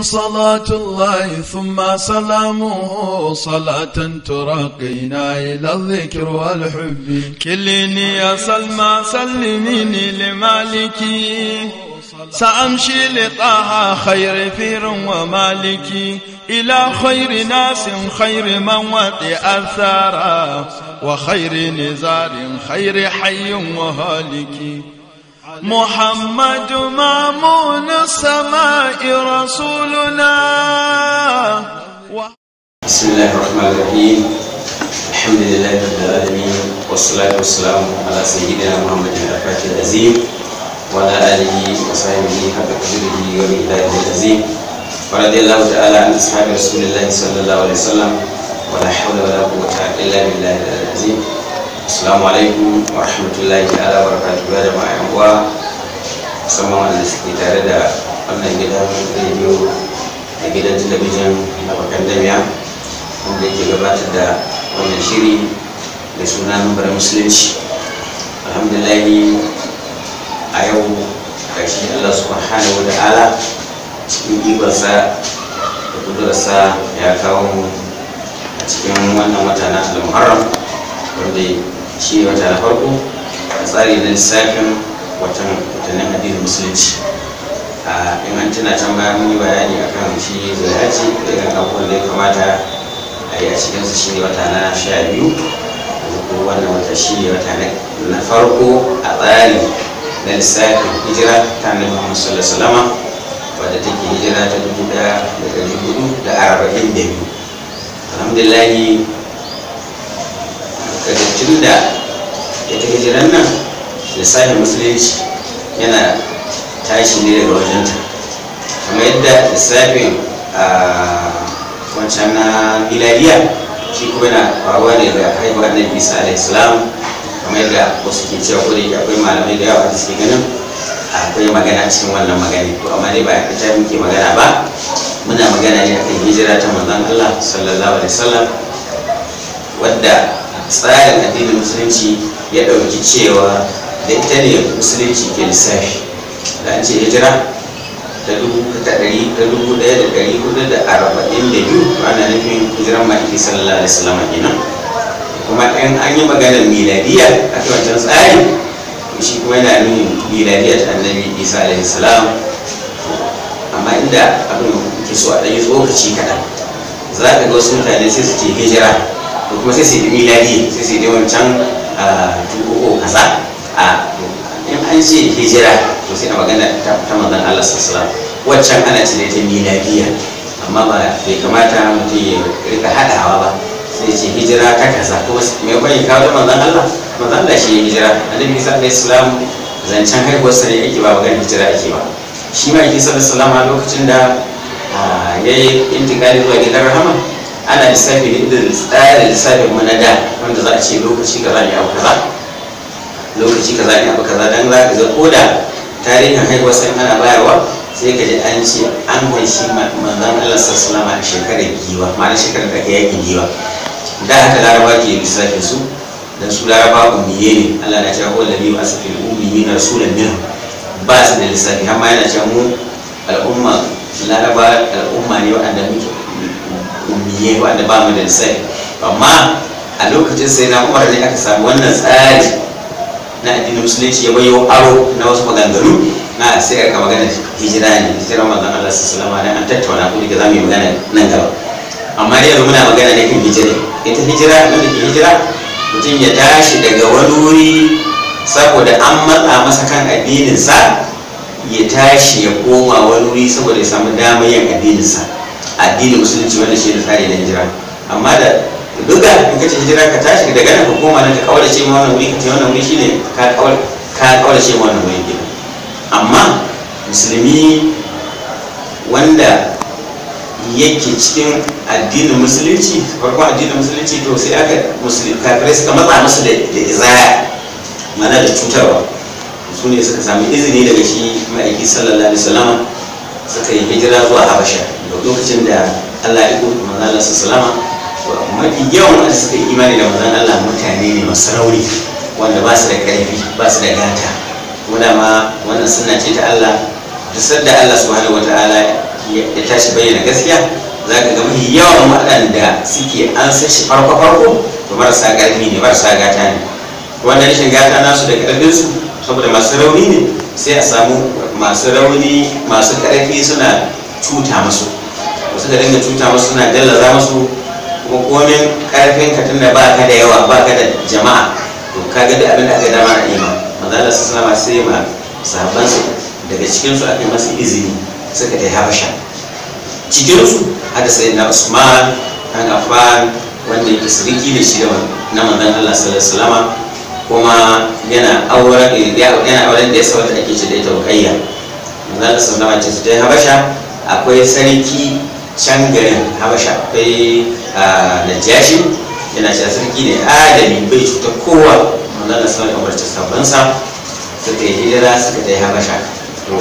صلاة الله ثم سلامه صلاة ترقينا إلى الذكر والحب كليني يا سلمى سلميني لمالكي سأمشي لطه خير فير ومالكي إلى خير ناس خير من وطئ أثارا وخير نزار خير حي وهالكي محمد مامون السماء رسولنا بسم الله الرحمن الرحيم الحمد لله رب العالمين والصلاة والسلام على سيدنا محمد الفاتح العظيم وعلى آله وصحبه حق قدره ومقداره العظيم ورضي الله تعالى عن أصحاب رسول الله صلى الله عليه وسلم ولا حول ولا قوة إلا بالله العظيم Assalamu alaikum wa rahmatullahi ta'ala wa barakatuhu ya jama'a yan uwa musamman wanda suke tare da wannan gidan rediyo da gidan talabijin na bakan damiya wanda yake gabatar da wannan shiri da suna numbar musulunci a yau gashi Allah subhanahu wa ta'ala cikin ibarsa da kudurarsa ya kawo mu a cikin wannan watana na al wanda shi wata na farko a tsari na lissafin watan watannin addinin musulunci a in an tuna can bayan mun yi bayani kan shi zayaci da irin abubuwan da ya kamata a yi a cikinsu shi ne wata na sha biyu ko wannan wata shi ne wata na farko a tsari na lissafin hijira ta annabi Muhammad sallallahu alaihi wasallam wadda take hijira ta dubu da da da arba'in biyu alhamdulillah kaga da ya ta hijiran nan lissafin musulunci yana tashi ne daga wajenta kamar yadda lissafin a wancan na milariya shi kuma yana faruwa ne da haihuwa na bisa da islam kamar yadda wasu ke cewa ko akwai malamai da yawa da suke ganin akwai magana cikin wannan magani ko amma dai ba ita muke magana ba muna magana ne akan hijira ta manzon Allah sallallahu alaihi wasallam wadda tsarin addinin musulunci ya ɗauki cewa da ita ne musulunci ke lissafi da an ce hijira da dubu ɗaya da ɗari hudu da arba'in da biyu ana nufin hijiran ma'aiki sallallahu alaihi wasallam kenan kuma in an yi maganar miladiya a ta wancan tsari shi kuma yana nuni miladiya ta annabi isa alaihi salam amma inda abin ke so a ɗanyi tsokaci kaɗan za ka ga wasu mutane sai su ce hijira to kuma sai su yi sai sai su yi wancan tuko kaza a in an ce hijira to sai a magana ta manzon Allah sallallahu alaihi wasallam wancan ana ce da ita miladiya amma ba bai kamata mutum ya rika hadawa ba sai ce hijira ta kaza ko mai bai kawo manzon Allah manzon Allah shi ya hijira annabi Isa alaihi salam zancan kai ko sai yake ba magana hijira yake ba shi ma yake sallallahu alaihi wasallam a lokacin da yayi intikali zuwa gidan rahama ana lissafi da irin tsarin lissafin mu na da wanda za a ce lokaci kaza ne abu kaza lokaci kaza ne abu kaza don za ka ga da tarihin haihuwar sai ana bayarwa sai ka ji an ce an haishi manzan Allah sallallahu alaihi shekarar giwa ma'ana shekarar da ake yakin giwa da haka laraba ke lissafi su dan su laraba ummiye ne Allah na cewa wala bi asfil ummiyina rasulan min ba su da lissafi amma yana cewa mu al'umma laraba al'umma ne wa'anda muke wanda ba mu da sai amma a lokacin sai na umar ne aka samu wannan tsari na addinin musulunci ya bayo aro na wasu maganganu na sai aka magana hijira ne hijira manzon Allah sallallahu alaihi wasallam an tattauna ko da zamu yi magana nan gaba amma dai yanzu muna magana ne kan hijira ita hijira ne da ke hijira mutum ya tashi daga wani wuri saboda an matsa masa kan addinin sa ya tashi ya koma wani wuri saboda ya samu damar yin sa. addinin musulunci wanda shi da tsari na hijira amma da duk da in kace hijira ka tashi daga nan ka koma nan ka kawar shi ma wannan wuri ka wannan wuri shine ka kawar ka kawar shi ma wannan wuri amma musulmi wanda yake cikin addinin musulunci farkon addinin musulunci to sai aka musulmi kafirai suka matsa musu da izaya mana da cutarwa su ne suka sami izini daga shi ma'aiki sallallahu alaihi wasallam suka yi hijira zuwa habasha lokacin da Allah ya kuma manzan Allah su salama mafi yawan wanda suka yi imani da manzan Allah mutane ne masu rauni wanda ba su da ƙarfi ba su da gata kuma ma wannan suna ce ta Allah da sadda Allah subhanahu wataala ya tashi bayyana gaskiya za ka ga mafi yawan waɗanda suke an san shi farko farko to marasa ƙarfi ne marasa gata ne wannan rashin gata nasu da su saboda masu rauni ne sai a samu masu rauni masu ƙarfi suna cuta musu Wasu da dinga cuta wasu suna gallaza musu kuma komin karfin ka tunda ba ka da yawa ba ka da jama'a to ka ga da abin da aka dama a ima maza da su sama sai ma sahabban su daga cikin su aka masa izini suka ta habasha cikin su hada sai na Usman an Affan wanda yake siriki da shi da na manzon Allah sallallahu alaihi wasallama kuma yana auren yana auren da ya sa ake ce da ita wakayya manzon Allah sallallahu alaihi wasallama ce ta habasha akwai sarki can garin habasha akwai ah, jashi yana cewa sarki ne adami bai cuta kowa manzana sama kamar umarci sabansa suka yi hijira suka ta habasha to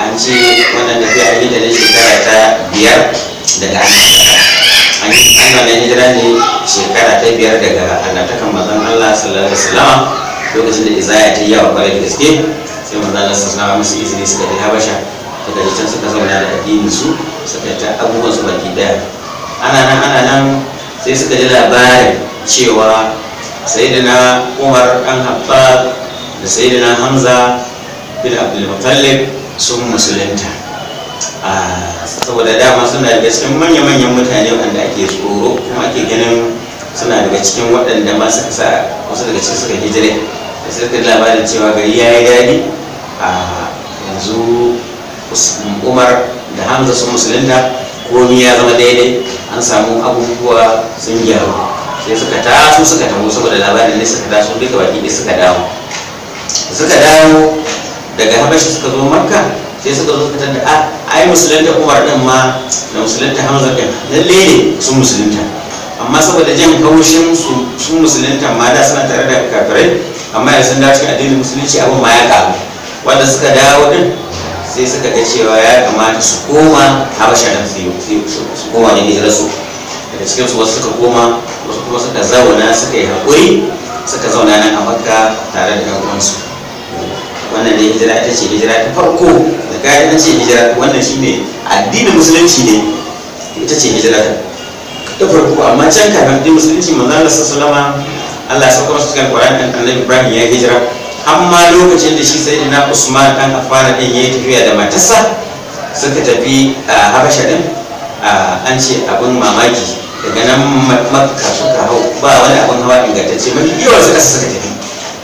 an ce wannan da fiye yi da na shekara ta biyar daga an an wannan hijira ne shekara ta biyar daga annabtakan mazan Allah sallallahu alaihi wasallam lokacin da izaya ta yawa kwarai da gaske sai manzon Allah sallallahu alaihi wasallam musu izini suka ta habasha Daga can suka zauna da addinin su suka ta abubuwan su baki daya ana nan ana nan sai suka ji labarin cewa sayyidina umar dan habba da sayyidina hamza bin abdulmutallib sun musulunta saboda dama suna daga cikin manya-manyan mutane wanda ake tsoro kuma ake ganin suna daga cikin waɗanda ma suka sa wasu daga cikin suka hijire da suka labarin cewa gari ya yi daɗi a yanzu umar da hamza sun musulunta komi ya zama daidai an samu abubuwa sun gyaru sai suka taso suka taho saboda labarin ne suka taso duka baki ne suka dawo suka dawo daga habashi suka zo makka sai suka zo fitar da a ah, ai musulunta umar din ma da musulunta hamza din lalle ne sun musulunta amma saboda jin kaushin su sun musulunta ma da suna tare da kafirai amma yanzu sun dace addinin musulunci abin ma ya karu wanda suka dawo din sai suka ga cewa ya kamata su koma habasha da su koma ne da su daga cikin su wasu suka koma wasu kuma suka zauna suka yi haƙuri suka zauna nan a makka tare da uwansu wannan ne hijira ita ce hijira ta farko da kayan ce hijira wannan shine addinin musulunci ne ita ce hijira ta farko amma can kafin addinin musulunci manzo Allah sallallahu alaihi wasallam Allah ya sauka masa cikin Qur'ani annabi Ibrahim ya hijira amma lokacin da shi sai na usman dan afara din yayi tafiya da matarsa suka tafi a habasha din an ce abin mamaki daga nan makka suka hau ba wani abin hawa ingantacce ba yawan suka suka tafi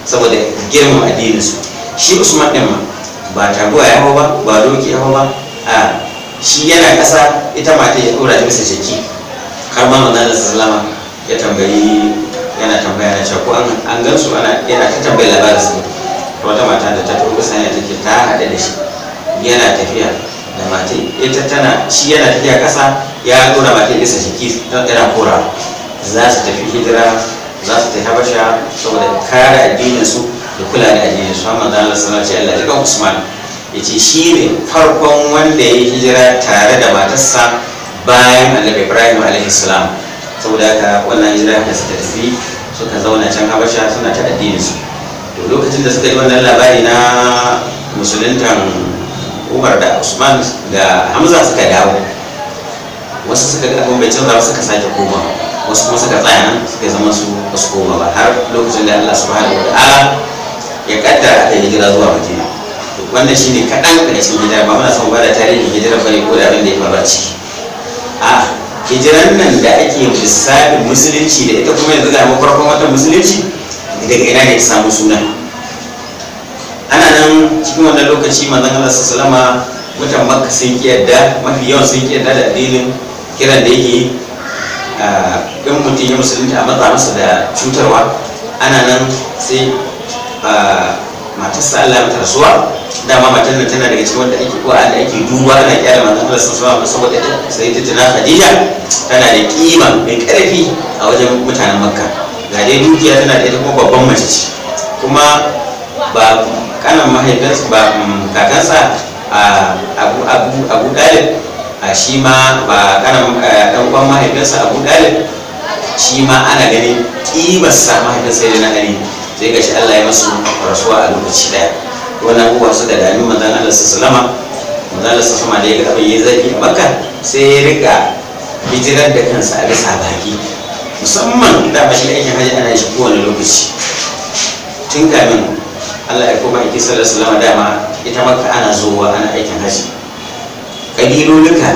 saboda girman addinin su shi usman din ma ba taguwa ya hau ba ba doki ya hau ba a shi yana kasa ita mata ya dora ta bisa jiki har ma manzon sallama ya tambayi yana tambaya na cewa ko an gan su ana yana ta tambaya labarin su wata mata da ta tuka sanya take ta haɗe da shi yana tafiya da mata ita tana shi yana tafiya ƙasa ya dora mata isa shi yana kora za su tafi hijira za su tafi habasha saboda kare addinin su da kula da addinin su amma da Allah sallallahu ce Allah ya Usman ce shi ne farkon wanda ya yi hijira tare da matarsa bayan Annabi Ibrahim alaihi salam saboda haka wannan hijira haka suka tafi suka zauna can habasha suna ta addinin su to lokacin da suka yi wannan labari na musulintan umar da usman da hamza suka dawo wasu suka ga abin bai canza suka sake koma wasu kuma suka tsaya nan suka zama su su koma ba har lokacin da allah subhanahu wa ta'ala ya kaddara aka yi hijira zuwa madina wannan shine kaɗan daga cikin hijira ba muna son ba da tarihin hijira bane ko da abin da ya faru a ciki hijiran nan da ake lissafin musulunci da ita kuma yanzu ga mu farkon watan musulunci daga ina ne samu suna ana nan cikin wannan lokaci manzon Allah wasallam mutan makka sun ki yadda mafi yawan sun ki yadda da addinin kiran da yake in mutum ya musulunci a matsa masa da cutarwa ana nan sai matarsa Allah ta rasuwa dama matan nan tana daga cikin wanda ake ko da ake duba ana kyara manzon Allah sallallahu alaihi saboda sai ta tana Khadija tana da kima mai karfi a wajen mutanen Makka ga dai dukiya tana da ita kuma babban mace ce kuma ba kanan mahaifinsa ba mm, kakansa abu abu abu a shi ma ba kanan dan uwan mahaifinsa abu dalib shi ma ana ganin kimarsa mahaifinsa yana gani sai ga shi Allah ya masu rasuwa a lokaci daya wani abubuwa suka dami manzan Allah su salama manzan Allah su sama da ya ga abin ya zafi a makka sai ya rika hijirar da kansa a bisa baki musamman da ba shi aikin hajji ana shi kowane lokaci tun kamin Allah ya koma aiki sallallahu alaihi dama ita makka ana zuwa ana aikin hajji kabilolika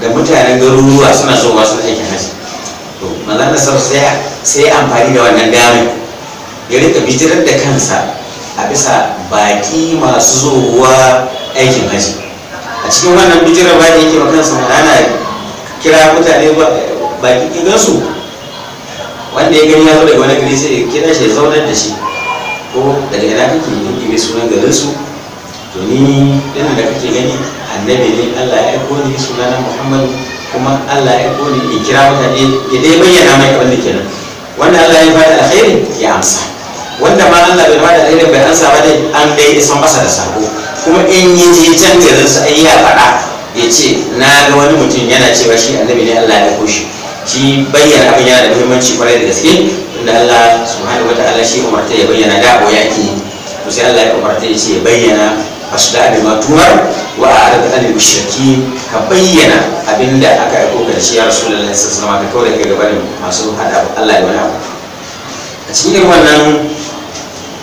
da mutanen garuruwa suna zuwa suna aikin hajji to manzan Allah sai sai amfani da wannan damar ya riga hijirar da kansa a bisa baki masu zuwa aikin haji a cikin wannan bijirar ba da yake ba kansa ana kira mutane baki kigan su wanda ya gani ya zo daga wani gari sai kira shi ya zaunar da shi ko daga yana kake yanki mai sunan garinsu su to ni yana da kake gani annabi ne Allah ya aiko ni sunana Muhammadu kuma Allah ya aiko ni in kira mutane ya dai bayyana mai abin kenan wanda Allah ya fara alkhairi ya amsa wanda ma Allah bai bada irin bayansa ba dai an dai isan masa da sako kuma in yi je can garin sa ya faɗa ya ce na ga wani mutum yana cewa shi annabi ne Allah ya koshi shi bayyana abin yana da muhimmanci kwarai da gaske inda Allah subhanahu wataala shi umarta ya bayyana da abu yake to sai Allah ya umarta ya ce ya bayyana asda bi ma tumar wa a'rid al mushriki ka bayyana abinda aka aiko ka shi ya rasulullahi sallallahu alaihi wasallam ka kawo da gaban masu hada Allah ya wani abu a cikin wannan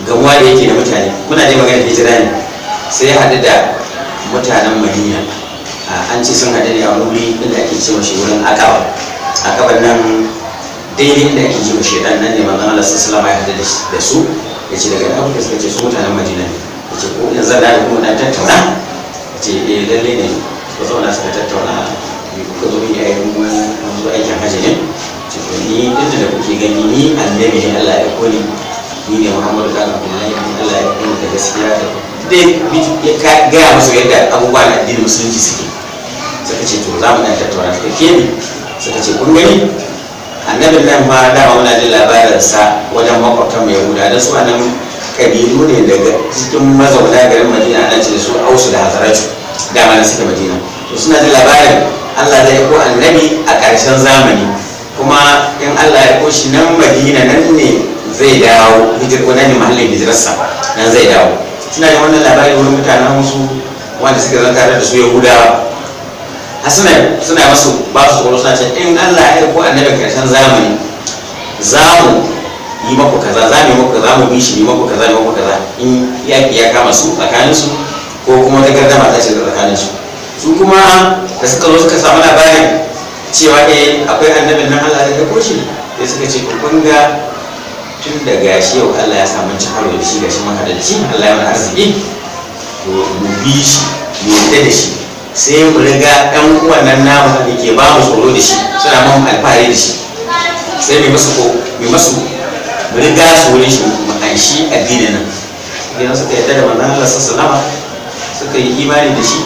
gamuwa da yake da mutane muna ne magana hijira ne sai ya haɗu da mutanen madina an ce sun haɗu ne a wuri inda ake ce mashi wurin akawa akaban nan daidai inda ake ce mashi ɗan nan ne manzon Allah sallallahu alaihi wasallam ya haɗu da su ya ce daga abu da suka ce su mutanen madina ne ya ce ko yanzu da kuma ɗan tattauna ya ce eh lalle ne ko zauna suka tattauna ko zo yi ayyukan wani zo aikin hajji ne ce yi ni inda da kuke gani ni annabi ne Allah ya koli ni ne muhammadu kanu kuma na yi allah ya inganta gaskiya da ya gaya musu yadda abubuwa na addinin musulunci suke suka ce to za mu dan tattauna ta ke ne suka ce kun gani annabin nan ma dama muna jin labarinsa wajen makwabtan mai yahuda da su nan kabilu ne daga cikin mazauna garin madina ana ce su ausu da hazaratu dama na suke madina to suna jin labarin allah zai ko annabi a ƙarshen zamani kuma in allah ya ko shi nan madina nan ne zai dawo hijir wannan ne mahallin hijirarsa nan zai dawo suna da wannan labarin wurin mutanen musu wanda suka zan tare da su yahudawa har suna suna masu ba su tsoro suna ce in Allah ya aiko annabi karshen zamani za mu yi maku kaza za mu yi maku kaza mu bi shi yi maku kaza yi maku kaza in yaki ya kama su tsakanin su ko kuma ta gardama ta ce tsakanin su su kuma da suka zo suka samu labarin cewa eh akwai annabin nan Allah ya ko shi sai suka ce ku ga tun da gashi yau Allah ya samu ci karo da shi gashi mun hada da shi Allah ya mana arziki to mu shi mu yadda da shi sai mu riga ɗan uwannan nan namu da ke ba mu tsoro da shi suna mun alfahari da shi sai mai masu ko mai masu mu riga tsoron shi mu an shi addinin nan idan suka yadda da manzon Allah sassa nama, suka yi imani da shi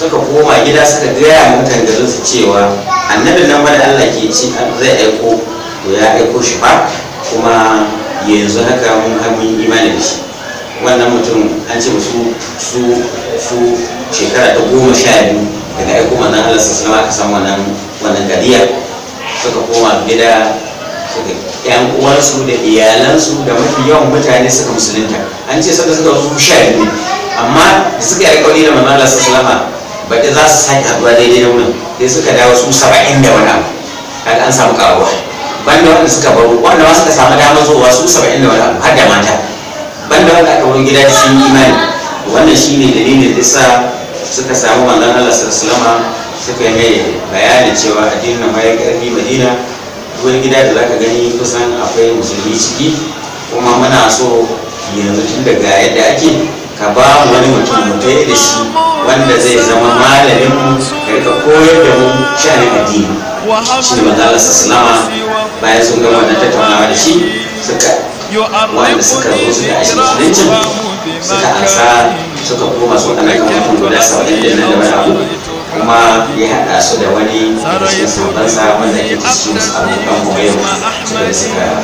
suka koma gida suka gaya mutan garin su cewa annabin nan bada Allah ke ci zai aiko to ya aiko shi ba kuma yanzu haka mun hamun imani da shi wannan mutum an ce su su su shekara ta goma sha biyu daga aiko mana Allah sallallahu alaihi aka samu wannan wannan gariya suka koma gida suka yan uwansu da iyalansu da mafi yawan mutane suka musulunta an ce sanda suka zo sha biyu amma da suka yi alƙawari da manzon Allah sallallahu alaihi baki za su sake haɗuwa daidai da wurin sai suka dawo su saba'in da wani abu an samu ƙaruwa banda wanda suka baro wanda ma suka samu damar zuwa su saba'in da wani abu har da mata banda wanda aka wani gida sun imani wannan ne dalilin da sa suka samu manzon Allah sallallahu alaihi suka yi mai bayanin cewa addinin ma bayan karfi madina wani gida da zaka gani kusan akwai musulmi ciki kuma muna so yanzu tun daga yadda ake ka ba wani mutum mutai da shi wanda zai zama malamin mu ka koyar da mu sha'anin addini shi ne manzon Allah sallallahu bayan sun gama wannan tattaunawa da shi suka wanda suka zo su da ashe musuluncin suka ansa suka koma su ana kan mutum guda saba'in da nan da wani abu kuma ya haɗa su da wani da cikin sabansa wanda ke cikin su abokan muhayyar da suka ya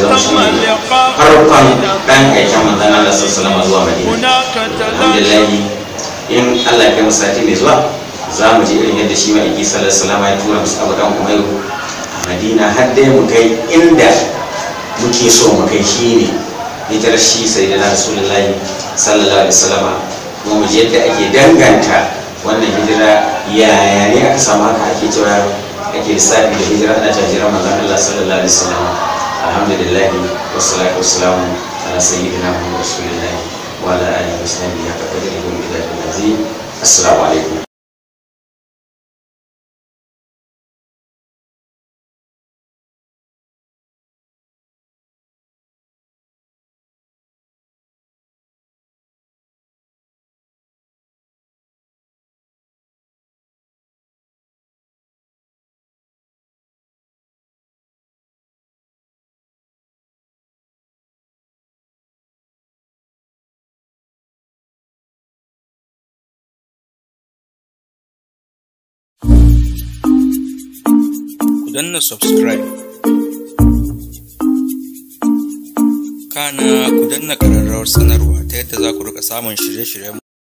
zama shi ne farkon ɗan aikin manzan Allah sallama zuwa madina alhamdulillahi in Allah ya kai mu sati mai zuwa za mu je irin yadda shi ma sallallahu alaihi wasallam ya tura musu abu abokan muhayyar madina har dai mu kai inda muke so mu kai shi ne da shi sai da rasulullahi sallallahu alaihi wasallama kuma mu yadda ake danganta wannan hijira ya ne aka samu haka ake cewa ake lissafi da hijira ana ta hijira manzon Allah sallallahu alaihi wasallama alhamdulillah wassalatu wassalamu ala sayyidina muhammad rasulullahi wa ala alihi wa sahbihi haka da gumbida da nazi assalamu alaikum danna subscribe kana ku danna ƙararrawar sanarwa ta yadda za ku rika samun shirye-shiryen